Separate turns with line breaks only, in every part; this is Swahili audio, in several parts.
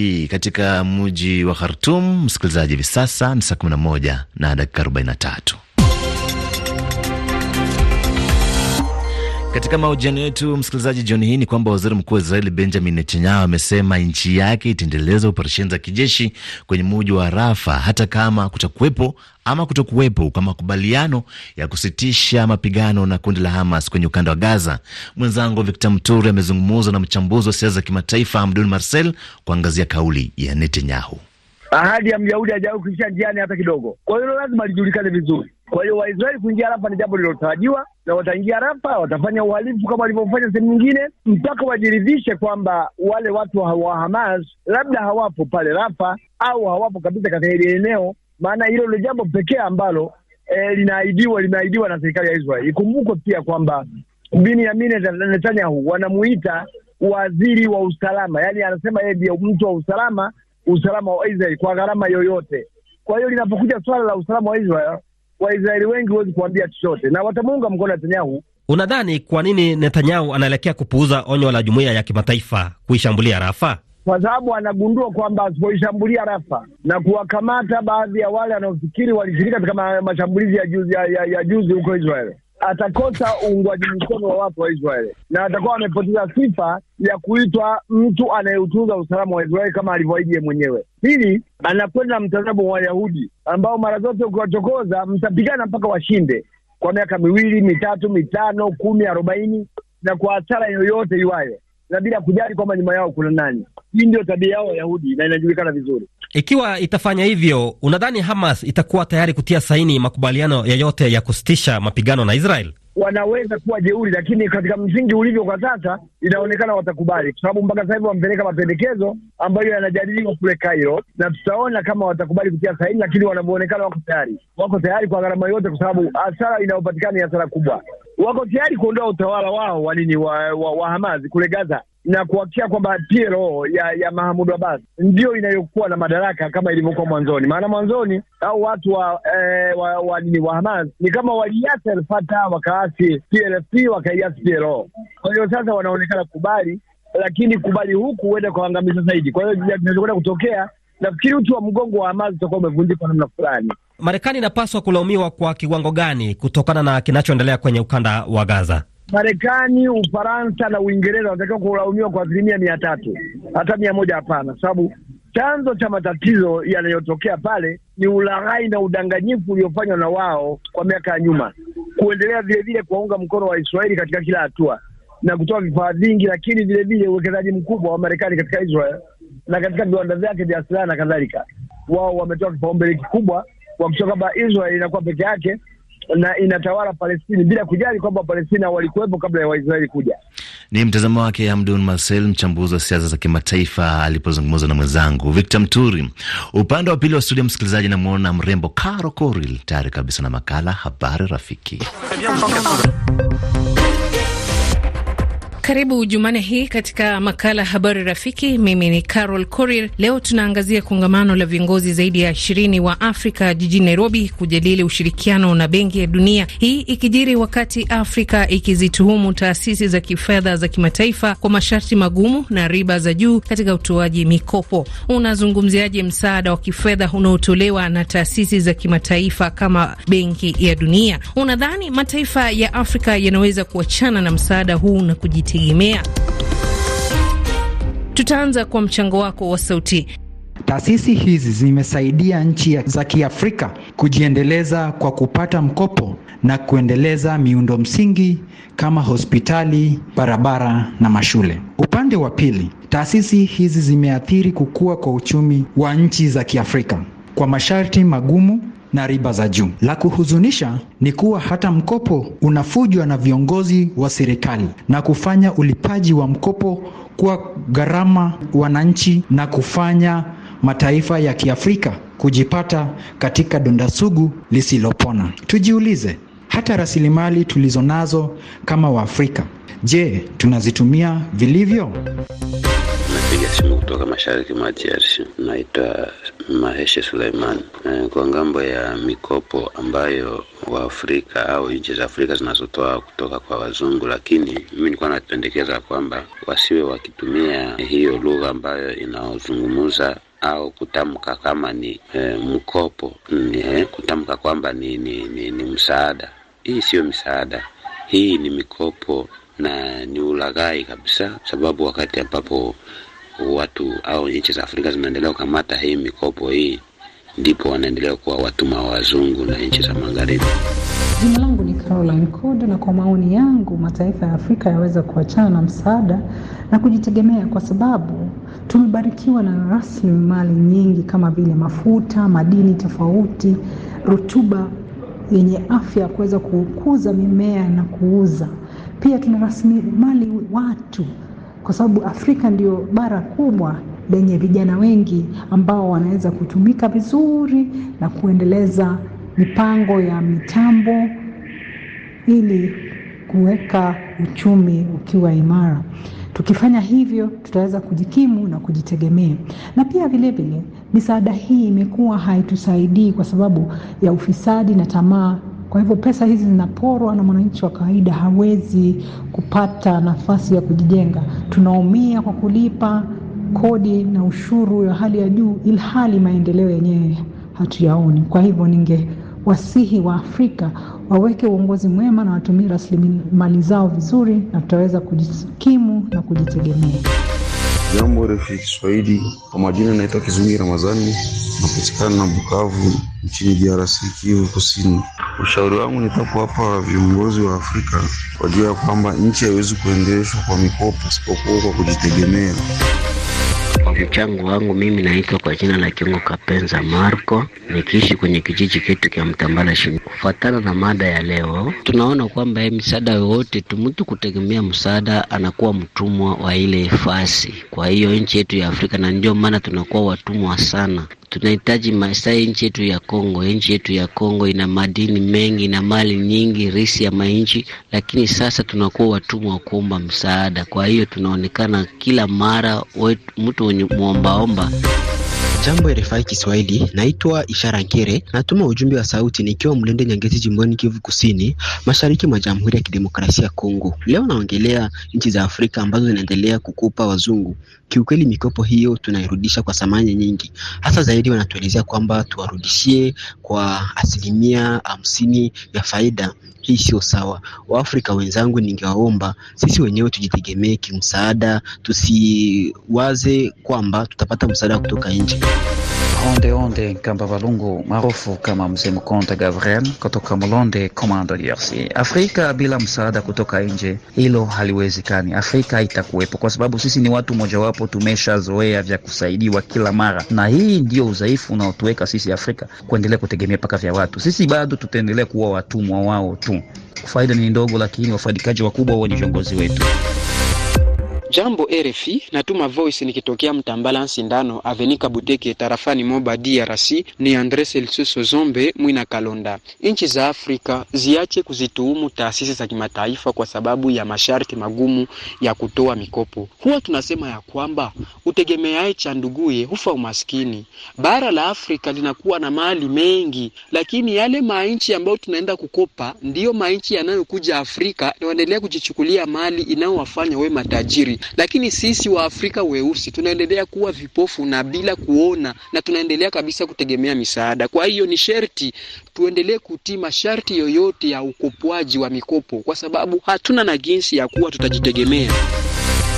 Hii katika mji wa Khartum, msikilizaji, hivi sasa ni saa 11 na dakika 43. Katika mahojiano yetu msikilizaji, jioni hii ni kwamba waziri mkuu wa Israeli Benjamin Netanyahu amesema nchi yake itaendeleza operesheni za kijeshi kwenye muji wa Rafa hata kama kutakuwepo ama kutokuwepo kwa makubaliano ya kusitisha mapigano na kundi la Hamas kwenye ukanda wa Gaza. Mwenzangu Victor Mturi amezungumuzwa na mchambuzi wa siasa za kimataifa Hamdun Marcel kuangazia kauli ya Netanyahu.
Ahadi ya Myahudi hajawahi kuisha njiani hata kidogo, kwa hiyo lazima lijulikane vizuri. Kwa hiyo Waisraeli kuingia Rafa ni jambo lililotarajiwa na wataingia Rafa, watafanya uhalifu kama walivyofanya sehemu nyingine, mpaka wajiridhishe kwamba wale watu wa Hamas labda hawapo pale Rafa au hawapo kabisa katika hili eneo, maana hilo ndio jambo pekee ambalo e, linaahidiwa limeahidiwa na serikali ya Israel. Ikumbukwe pia kwamba Benjamin Netanyahu wanamuita waziri wa usalama, yaani anasema yeye ndio mtu wa usalama, usalama wa Israel kwa gharama yoyote. Kwa hiyo linapokuja swala la usalama wa Israel Waisraeli wengi huwezi kuambia chochote, na watamuunga mkono Netanyahu. Unadhani kwa nini Netanyahu anaelekea kupuuza onyo la jumuiya ya kimataifa kuishambulia Rafa? Kwa sababu anagundua kwamba asipoishambulia Rafa na kuwakamata baadhi ya wale wanaofikiri walishiriki katika mashambulizi ya juzi ya, ya, ya juzi huko Israeli atakosa uungwaji mkono wa watu wa Israeli na atakuwa amepoteza sifa ya kuitwa mtu anayeutunza usalama wa Israeli kama alivyoahidi mwenyewe. Pili, anakwenda mtazamo wa Wayahudi ambao mara zote ukiwachokoza mtapigana mpaka washinde, kwa miaka miwili mitatu mitano kumi arobaini na kwa hasara yoyote iwayo, na bila kujali kwamba nyuma yao kuna nani. Hii ndio tabia yao Wayahudi na inajulikana vizuri. Ikiwa itafanya hivyo, unadhani Hamas itakuwa tayari kutia saini makubaliano yoyote ya kusitisha mapigano na Israel? Wanaweza kuwa jeuri, lakini katika msingi ulivyo kwa sasa inaonekana watakubali, kwa sababu mpaka sasa hivi wamepeleka mapendekezo ambayo yanajadiliwa kule Cairo, na tutaona kama watakubali kutia saini, lakini wanavyoonekana wako tayari, wako tayari kwa gharama yote, kwa sababu hasara inayopatikana ni hasara kubwa. Wako tayari kuondoa utawala wao wa nini wa, wa, wa Hamas kule Gaza na kuhakikisha kwamba PLO ya, ya Mahamud Abbas ndio inayokuwa na madaraka kama ilivyokuwa mwanzoni. Maana mwanzoni au watu wa eh, wa, wa, wa, wa Hamas ni kama waliasi Alfata wakaasi PLF wakaiasi PLO. Kwa hiyo sasa wanaonekana kubali, lakini kubali huku huenda kuangamiza zaidi. Kwa hiyo kinachokwenda kutokea, nafikiri uti wa mgongo wa Hamas utakuwa umevunjika kwa namna fulani. Marekani inapaswa kulaumiwa kwa kiwango gani kutokana na kinachoendelea kwenye ukanda wa Gaza? Marekani, Ufaransa na Uingereza wanatakiwa kulaumiwa kwa asilimia mia tatu, hata mia moja hapana, sababu chanzo cha matatizo yanayotokea pale ni ulaghai na udanganyifu uliofanywa na wao kwa miaka ya nyuma, kuendelea vilevile kuwaunga mkono wa Israeli katika kila hatua na kutoa vifaa vingi, lakini vilevile uwekezaji mkubwa wa Marekani katika Israel na katika viwanda vyake vya silaha na kadhalika. Wao wametoa kipaumbele kikubwa kwa kwamba Israel inakuwa peke yake na inatawala palestini bila kujali kwamba Palestina walikuwepo kabla ya Waisraeli kuja.
Ni mtazamo wake Hamdun Marcel, mchambuzi wa siasa za kimataifa, alipozungumza na mwenzangu Victor Mturi. Upande wa pili wa studio, msikilizaji, namwona mrembo Caro Coril tayari kabisa na makala Habari Rafiki.
Karibu Jumane hii katika makala Habari Rafiki. Mimi ni Carol Corir. Leo tunaangazia kongamano la viongozi zaidi ya ishirini wa Afrika jijini Nairobi kujadili ushirikiano na Benki ya Dunia, hii ikijiri wakati Afrika ikizituhumu taasisi za kifedha za kimataifa kwa masharti magumu na riba za juu katika utoaji mikopo. Unazungumziaje msaada wa kifedha unaotolewa na taasisi za kimataifa kama Benki ya Dunia? Unadhani mataifa ya Afrika yanaweza kuachana na msaada huu na kujitia? kujitegemea? Tutaanza kwa mchango wako wa sauti.
Taasisi hizi zimesaidia nchi za Kiafrika kujiendeleza kwa kupata mkopo na kuendeleza miundo msingi kama hospitali, barabara na mashule. Upande wa pili, taasisi hizi zimeathiri kukua kwa uchumi wa nchi za Kiafrika kwa masharti magumu na riba za juu. La kuhuzunisha ni kuwa hata mkopo unafujwa na viongozi wa serikali na kufanya ulipaji wa mkopo kuwa gharama wananchi na kufanya mataifa ya Kiafrika kujipata katika donda sugu lisilopona. Tujiulize, hata rasilimali tulizonazo kama Waafrika, je, tunazitumia vilivyo?
Simu kutoka mashariki mwa DRC. Naitwa Maheshe Suleiman. Eh, kwa ngambo ya mikopo ambayo Waafrika au nchi za Afrika zinazotoa kutoka kwa wazungu, lakini mimi nilikuwa napendekeza kwamba wasiwe wakitumia hiyo lugha ambayo inaozungumza au kutamka kama ni e, mkopo e, kutamka kwamba ni, ni, ni, ni msaada. Hii siyo misaada, hii ni mikopo na ni ulaghai kabisa, sababu wakati ambapo watu au nchi za Afrika zimeendelea kukamata hii mikopo hii, ndipo wanaendelea kuwa watumwa wa wazungu na nchi za magharibi.
Jina langu ni Caroline Kodo, na kwa maoni yangu mataifa ya Afrika yaweza
kuachana na msaada na kujitegemea, kwa sababu tumebarikiwa na rasilimali nyingi kama vile mafuta, madini tofauti, rutuba yenye afya ya kuweza kukuza mimea na kuuza. Pia tuna rasilimali watu kwa sababu Afrika ndio bara kubwa lenye vijana wengi ambao wanaweza kutumika vizuri na kuendeleza mipango ya mitambo ili kuweka uchumi ukiwa imara. Tukifanya hivyo, tutaweza kujikimu na kujitegemea. Na pia vilevile, misaada hii imekuwa haitusaidii kwa sababu ya ufisadi na tamaa kwa hivyo pesa hizi zinaporwa na mwananchi wa kawaida hawezi kupata nafasi ya kujijenga. Tunaumia kwa kulipa kodi na ushuru ya hali ya juu, ilhali maendeleo yenyewe hatuyaoni. Kwa hivyo ningewasihi wa Afrika waweke uongozi mwema na watumie rasilimali zao vizuri, na tutaweza kujikimu na kujitegemea.
Jambo refu Kiswahili, kwa majina naitwa Kizungi Ramadhani, napatikana na Bukavu nchini DRC, Kivu Kusini. Ushauri wangu nitakuwapa viongozi wa Afrika wajua ya kwamba nchi haiwezi kuendeshwa kwa mikopo isipokuwa kwa kujitegemea. Kwa mchango wangu mimi
naitwa kwa jina la kiungo Kapenza Marco, nikiishi kwenye kijiji kitu kya Mtambala Shini. Kufuatana na mada ya leo, tunaona kwamba msaada yoyote tu, mtu kutegemea msaada anakuwa mtumwa wa ile fasi. Kwa hiyo nchi yetu ya Afrika, na ndio maana tunakuwa
watumwa sana tunahitaji masai nchi yetu ya Kongo. Nchi yetu ya Kongo ina madini mengi na mali nyingi, risi ya manchi lakini sasa tunakuwa watumwa wa kuomba msaada. Kwa hiyo tunaonekana kila mara mtu mwenye mwombaomba
Jambo RFI Kiswahili, naitwa Ishara nkere natuma ujumbe wa sauti nikiwa Mlende Nyangezi, jimboni Kivu Kusini, mashariki mwa Jamhuri ya Kidemokrasia ya Kongo. Leo naongelea nchi za Afrika ambazo zinaendelea kukopa wazungu. Kiukweli, mikopo hiyo tunairudisha kwa thamani nyingi, hasa zaidi wanatuelezea kwamba tuwarudishie kwa asilimia hamsini ya faida. Hii sio sawa. Waafrika wenzangu, ningewaomba sisi wenyewe tujitegemee kimsaada, tusiwaze kwamba tutapata msaada kutoka nje.
Ondeonde Nkamba Valungu maarufu kama Mzee Mkonta Gabriel kutoka Mulonde Komando, DRC. Afrika bila msaada kutoka nje, hilo haliwezekani. Afrika haitakuwepo kwa sababu sisi ni watu mojawapo, tumeshazoea vya kusaidiwa kila mara, na hii ndio udhaifu unaotuweka sisi Afrika kuendelea kutegemea paka vya watu. Sisi bado tutaendelea kuwa watumwa wao tu, faida ni ndogo, lakini wafaidikaji wakubwa huo ni viongozi wetu.
Jambo RFI, natuma voice nikitokea Mtambala Sindano Avenika Buteke tarafani Moba DRC. Ni Andres Elsuso Zombe Mwina Kalonda. Nchi za Afrika ziache kuzituhumu taasisi za kimataifa kwa sababu ya masharti magumu ya kutoa mikopo. Huwa tunasema ya kwamba utegemeaye cha nduguye hufa umaskini. Bara la Afrika linakuwa na mali mengi, lakini yale mainchi ambayo tunaenda kukopa ndiyo mainchi yanayokuja Afrika na wanaendelea kujichukulia mali inayowafanya we matajiri lakini sisi wa Afrika weusi tunaendelea kuwa vipofu na bila kuona, na tunaendelea kabisa kutegemea misaada. Kwa hiyo ni sherti tuendelee kutii masharti yoyote ya ukopwaji wa mikopo, kwa sababu hatuna na jinsi ya kuwa tutajitegemea.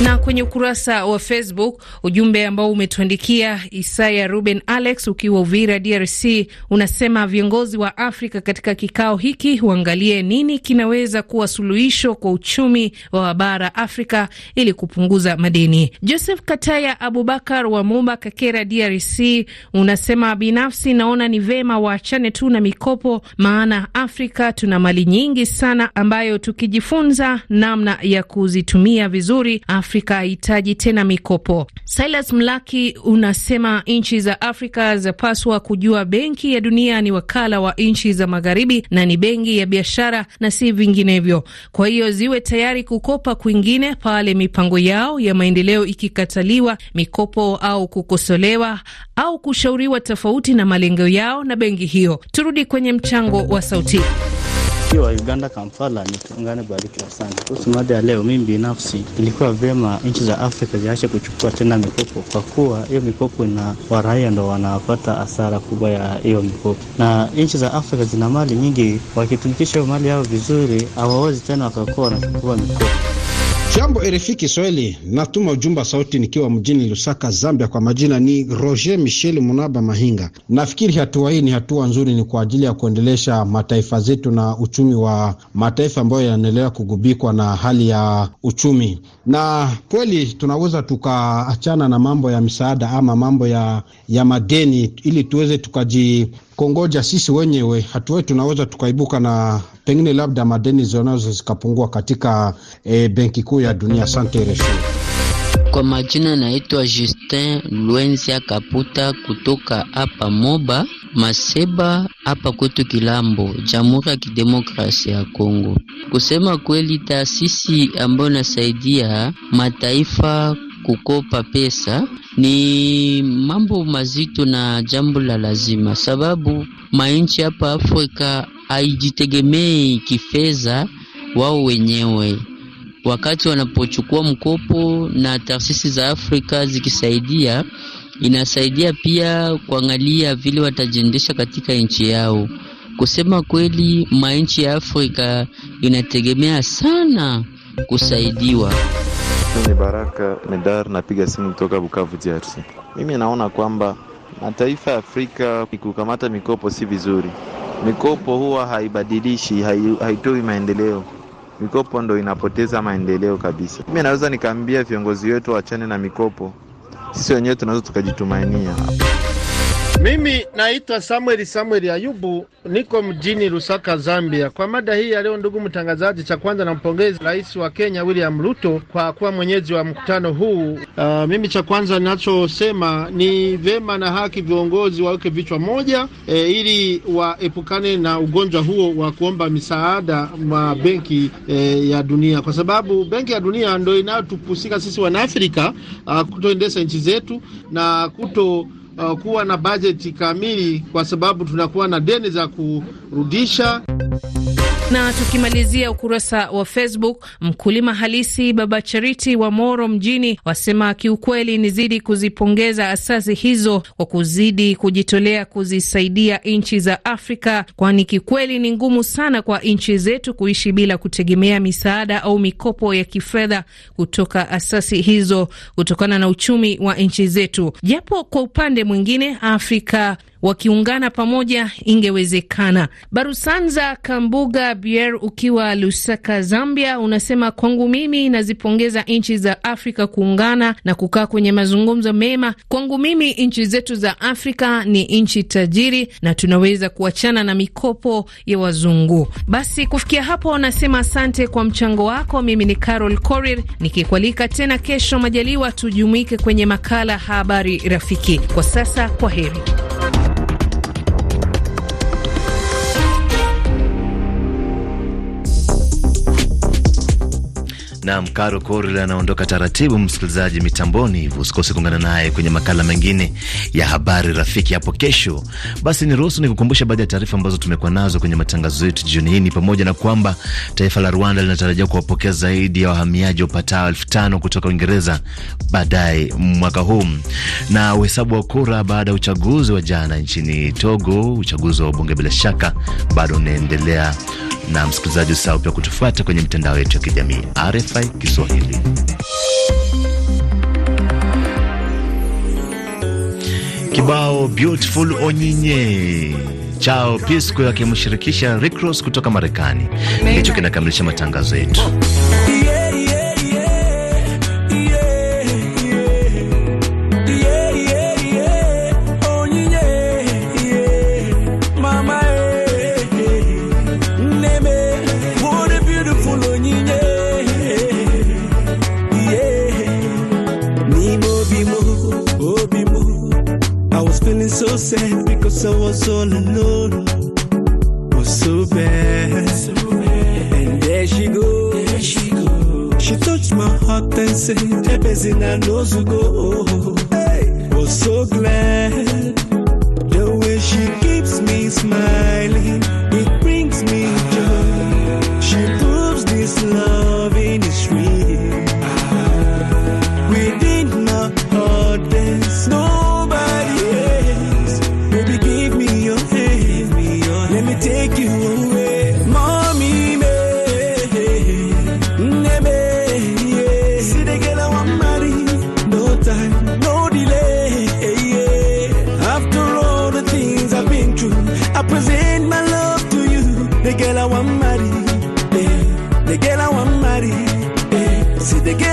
Na kwenye ukurasa wa Facebook ujumbe ambao umetuandikia Isaya Ruben Alex ukiwa Uvira, DRC unasema viongozi wa Afrika katika kikao hiki huangalie nini kinaweza kuwa suluhisho kwa uchumi wa bara Afrika ili kupunguza madeni. Joseph Kataya Abubakar wa Mumba, Kakera, DRC unasema binafsi naona ni vema waachane tu na mikopo, maana Afrika tuna mali nyingi sana ambayo tukijifunza namna ya kuzitumia vizuri Afrika Afrika hahitaji tena mikopo. Silas Mlaki unasema nchi za Afrika zapaswa kujua Benki ya Dunia ni wakala wa nchi za magharibi na ni benki ya biashara na si vinginevyo. Kwa hiyo ziwe tayari kukopa kwingine pale mipango yao ya maendeleo ikikataliwa mikopo au kukosolewa au kushauriwa tofauti na malengo yao na benki hiyo. Turudi kwenye mchango wa sauti
wa Uganda Kampala, ni tuungane barikiwa sana. Kuhusu mada ya leo, mimi binafsi ilikuwa vyema nchi za Afrika ziache kuchukua tena mikopo, kwa kuwa hiyo mikopo ina waraia ndo wanapata hasara kubwa ya hiyo mikopo, na nchi za Afrika zina mali nyingi, wakitumikisha hiyo mali yao vizuri, hawawezi tena wakakuwa wanachukua mikopo.
Jambo RFI Kiswahili, natuma ujumbe sauti nikiwa mjini Lusaka, Zambia. Kwa majina ni Roger Michel Munaba Mahinga. Nafikiri hatua hii ni hatua nzuri, ni kwa ajili ya kuendelesha mataifa zetu na uchumi wa mataifa ambayo yanaendelea kugubikwa na hali ya uchumi, na kweli tunaweza tukaachana na mambo ya misaada ama mambo ya, ya madeni ili tuweze tukaji kongoja sisi wenyewe hatuwe tunaweza tukaibuka na pengine labda madeni zinazo zikapungua katika e, benki kuu ya dunia. Asante Resho.
Kwa majina naitwa Justin Lwenzia Kaputa kutoka hapa Moba Maseba hapa kwetu Kilambo, Jamhuri ya Kidemokrasia ya Kongo. Kusema kweli, taasisi ambayo inasaidia mataifa kukopa pesa ni mambo mazito na jambo la lazima, sababu mainchi hapa Afrika haijitegemei kifedha wao wenyewe. Wakati wanapochukua mkopo na taasisi za Afrika zikisaidia, inasaidia pia kuangalia vile watajiendesha katika nchi yao. Kusema kweli, manchi ya Afrika inategemea sana kusaidiwa
ni Baraka Medar, napiga simu kutoka Bukavu, DRC. Mimi naona kwamba mataifa ya Afrika kukamata mikopo si vizuri. Mikopo huwa haibadilishi, haitoi maendeleo. Mikopo ndo inapoteza maendeleo kabisa. Mimi naweza nikaambia viongozi wetu wachane na mikopo, sisi wenyewe tunaweza tukajitumainia.
Mimi naitwa Samuel Samuel Ayubu, niko mjini Lusaka, Zambia. Kwa mada hii ya leo, ndugu mtangazaji, cha kwanza nampongeza Rais wa Kenya William Ruto kwa kuwa mwenyeji wa mkutano huu. Uh, mimi cha kwanza ninachosema ni vema na haki viongozi waweke vichwa moja e, ili waepukane na ugonjwa huo wa kuomba misaada mwa benki e, ya dunia, kwa sababu benki ya dunia ndio inayotupusika sisi Wanaafrika uh, kutoendesha nchi zetu na kuto uh, kuwa na bajeti kamili, kwa sababu tunakuwa na deni za kurudisha.
Na tukimalizia ukurasa wa Facebook, mkulima halisi Baba Chariti wa Moro mjini wasema kiukweli, nizidi kuzipongeza asasi hizo kwa kuzidi kujitolea kuzisaidia nchi za Afrika, kwani kikweli ni ngumu sana kwa nchi zetu kuishi bila kutegemea misaada au mikopo ya kifedha kutoka asasi hizo kutokana na uchumi wa nchi zetu, japo kwa upande mwingine Afrika wakiungana pamoja ingewezekana. Barusanza Kambuga Bier, ukiwa Lusaka, Zambia, unasema kwangu mimi nazipongeza nchi za Afrika kuungana na kukaa kwenye mazungumzo mema. Kwangu mimi nchi zetu za Afrika ni nchi tajiri na tunaweza kuachana na mikopo ya wazungu. Basi kufikia hapo, nasema asante kwa mchango wako. Mimi ni Carol Korir nikikualika tena kesho majaliwa tujumuike kwenye makala Habari Rafiki. Kwa sasa, kwa heri.
Naam, Karo Korl anaondoka taratibu. Msikilizaji mitamboni hivyo, usikose kuungana naye kwenye makala mengine ya habari rafiki hapo kesho. Basi niruhusu nikukumbusha baadhi ya taarifa ambazo tumekuwa nazo kwenye matangazo yetu jioni hii, ni pamoja na kwamba taifa la Rwanda linatarajia kuwapokea zaidi ya wahamiaji wapatao elfu tano kutoka Uingereza baadaye mwaka huu, na uhesabu wa kura baada ya uchaguzi wa jana nchini Togo, uchaguzi wa bunge bila shaka bado unaendelea na msikilizaji, usahau pia kutufuata kwenye mitandao yetu ya kijamii RFI Kiswahili. Kibao beautiful Onyinye chao Pisco akimshirikisha Rick Ross kutoka Marekani ndicho kinakamilisha matangazo yetu.
I was all alone. Was so bad. So bad. And there she go. There she go. She touched my heart and said, Ebezin I know to go. Hey. Was so glad. The way she keeps me smiling, it brings me joy. She proves this love.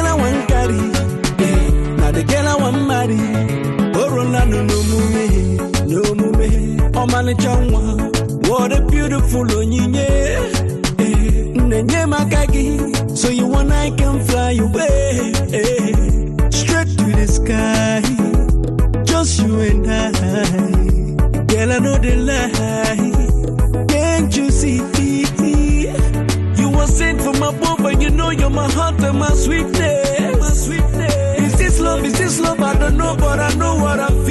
girl I want carry. Eh, now the girl I want marry. Oh, Corona no no mume, no mume. Oh man, it's changwa. What a beautiful onyinye. Eh, Nenye makagi. So you want I can fly away. Eh. Straight to the sky. Just you and I. Girl I know the lie. sent for my boy, and you know you're my heart and my sweetness. My sweetness. Is this love? Is this love? I don't know, but I know what I am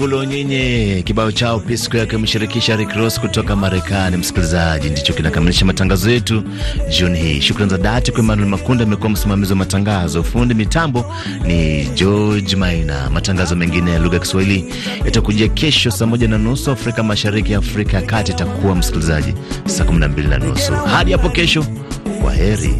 Mfulu Nyinyi, kibao chao Peace Square kimeshirikisha Rick Ross kutoka Marekani. Msikilizaji, ndicho kinakamilisha matangazo yetu jioni hii. Shukrani za dhati kwa Emmanuel Makunda, amekuwa msimamizi wa matangazo. Fundi mitambo ni George Maina. Matangazo mengine ya lugha ya Kiswahili yatakujia kesho saa moja na nusu Afrika Mashariki, Afrika ya Kati itakuwa msikilizaji saa kumi na mbili na nusu. Hadi hapo kesho, kwa heri.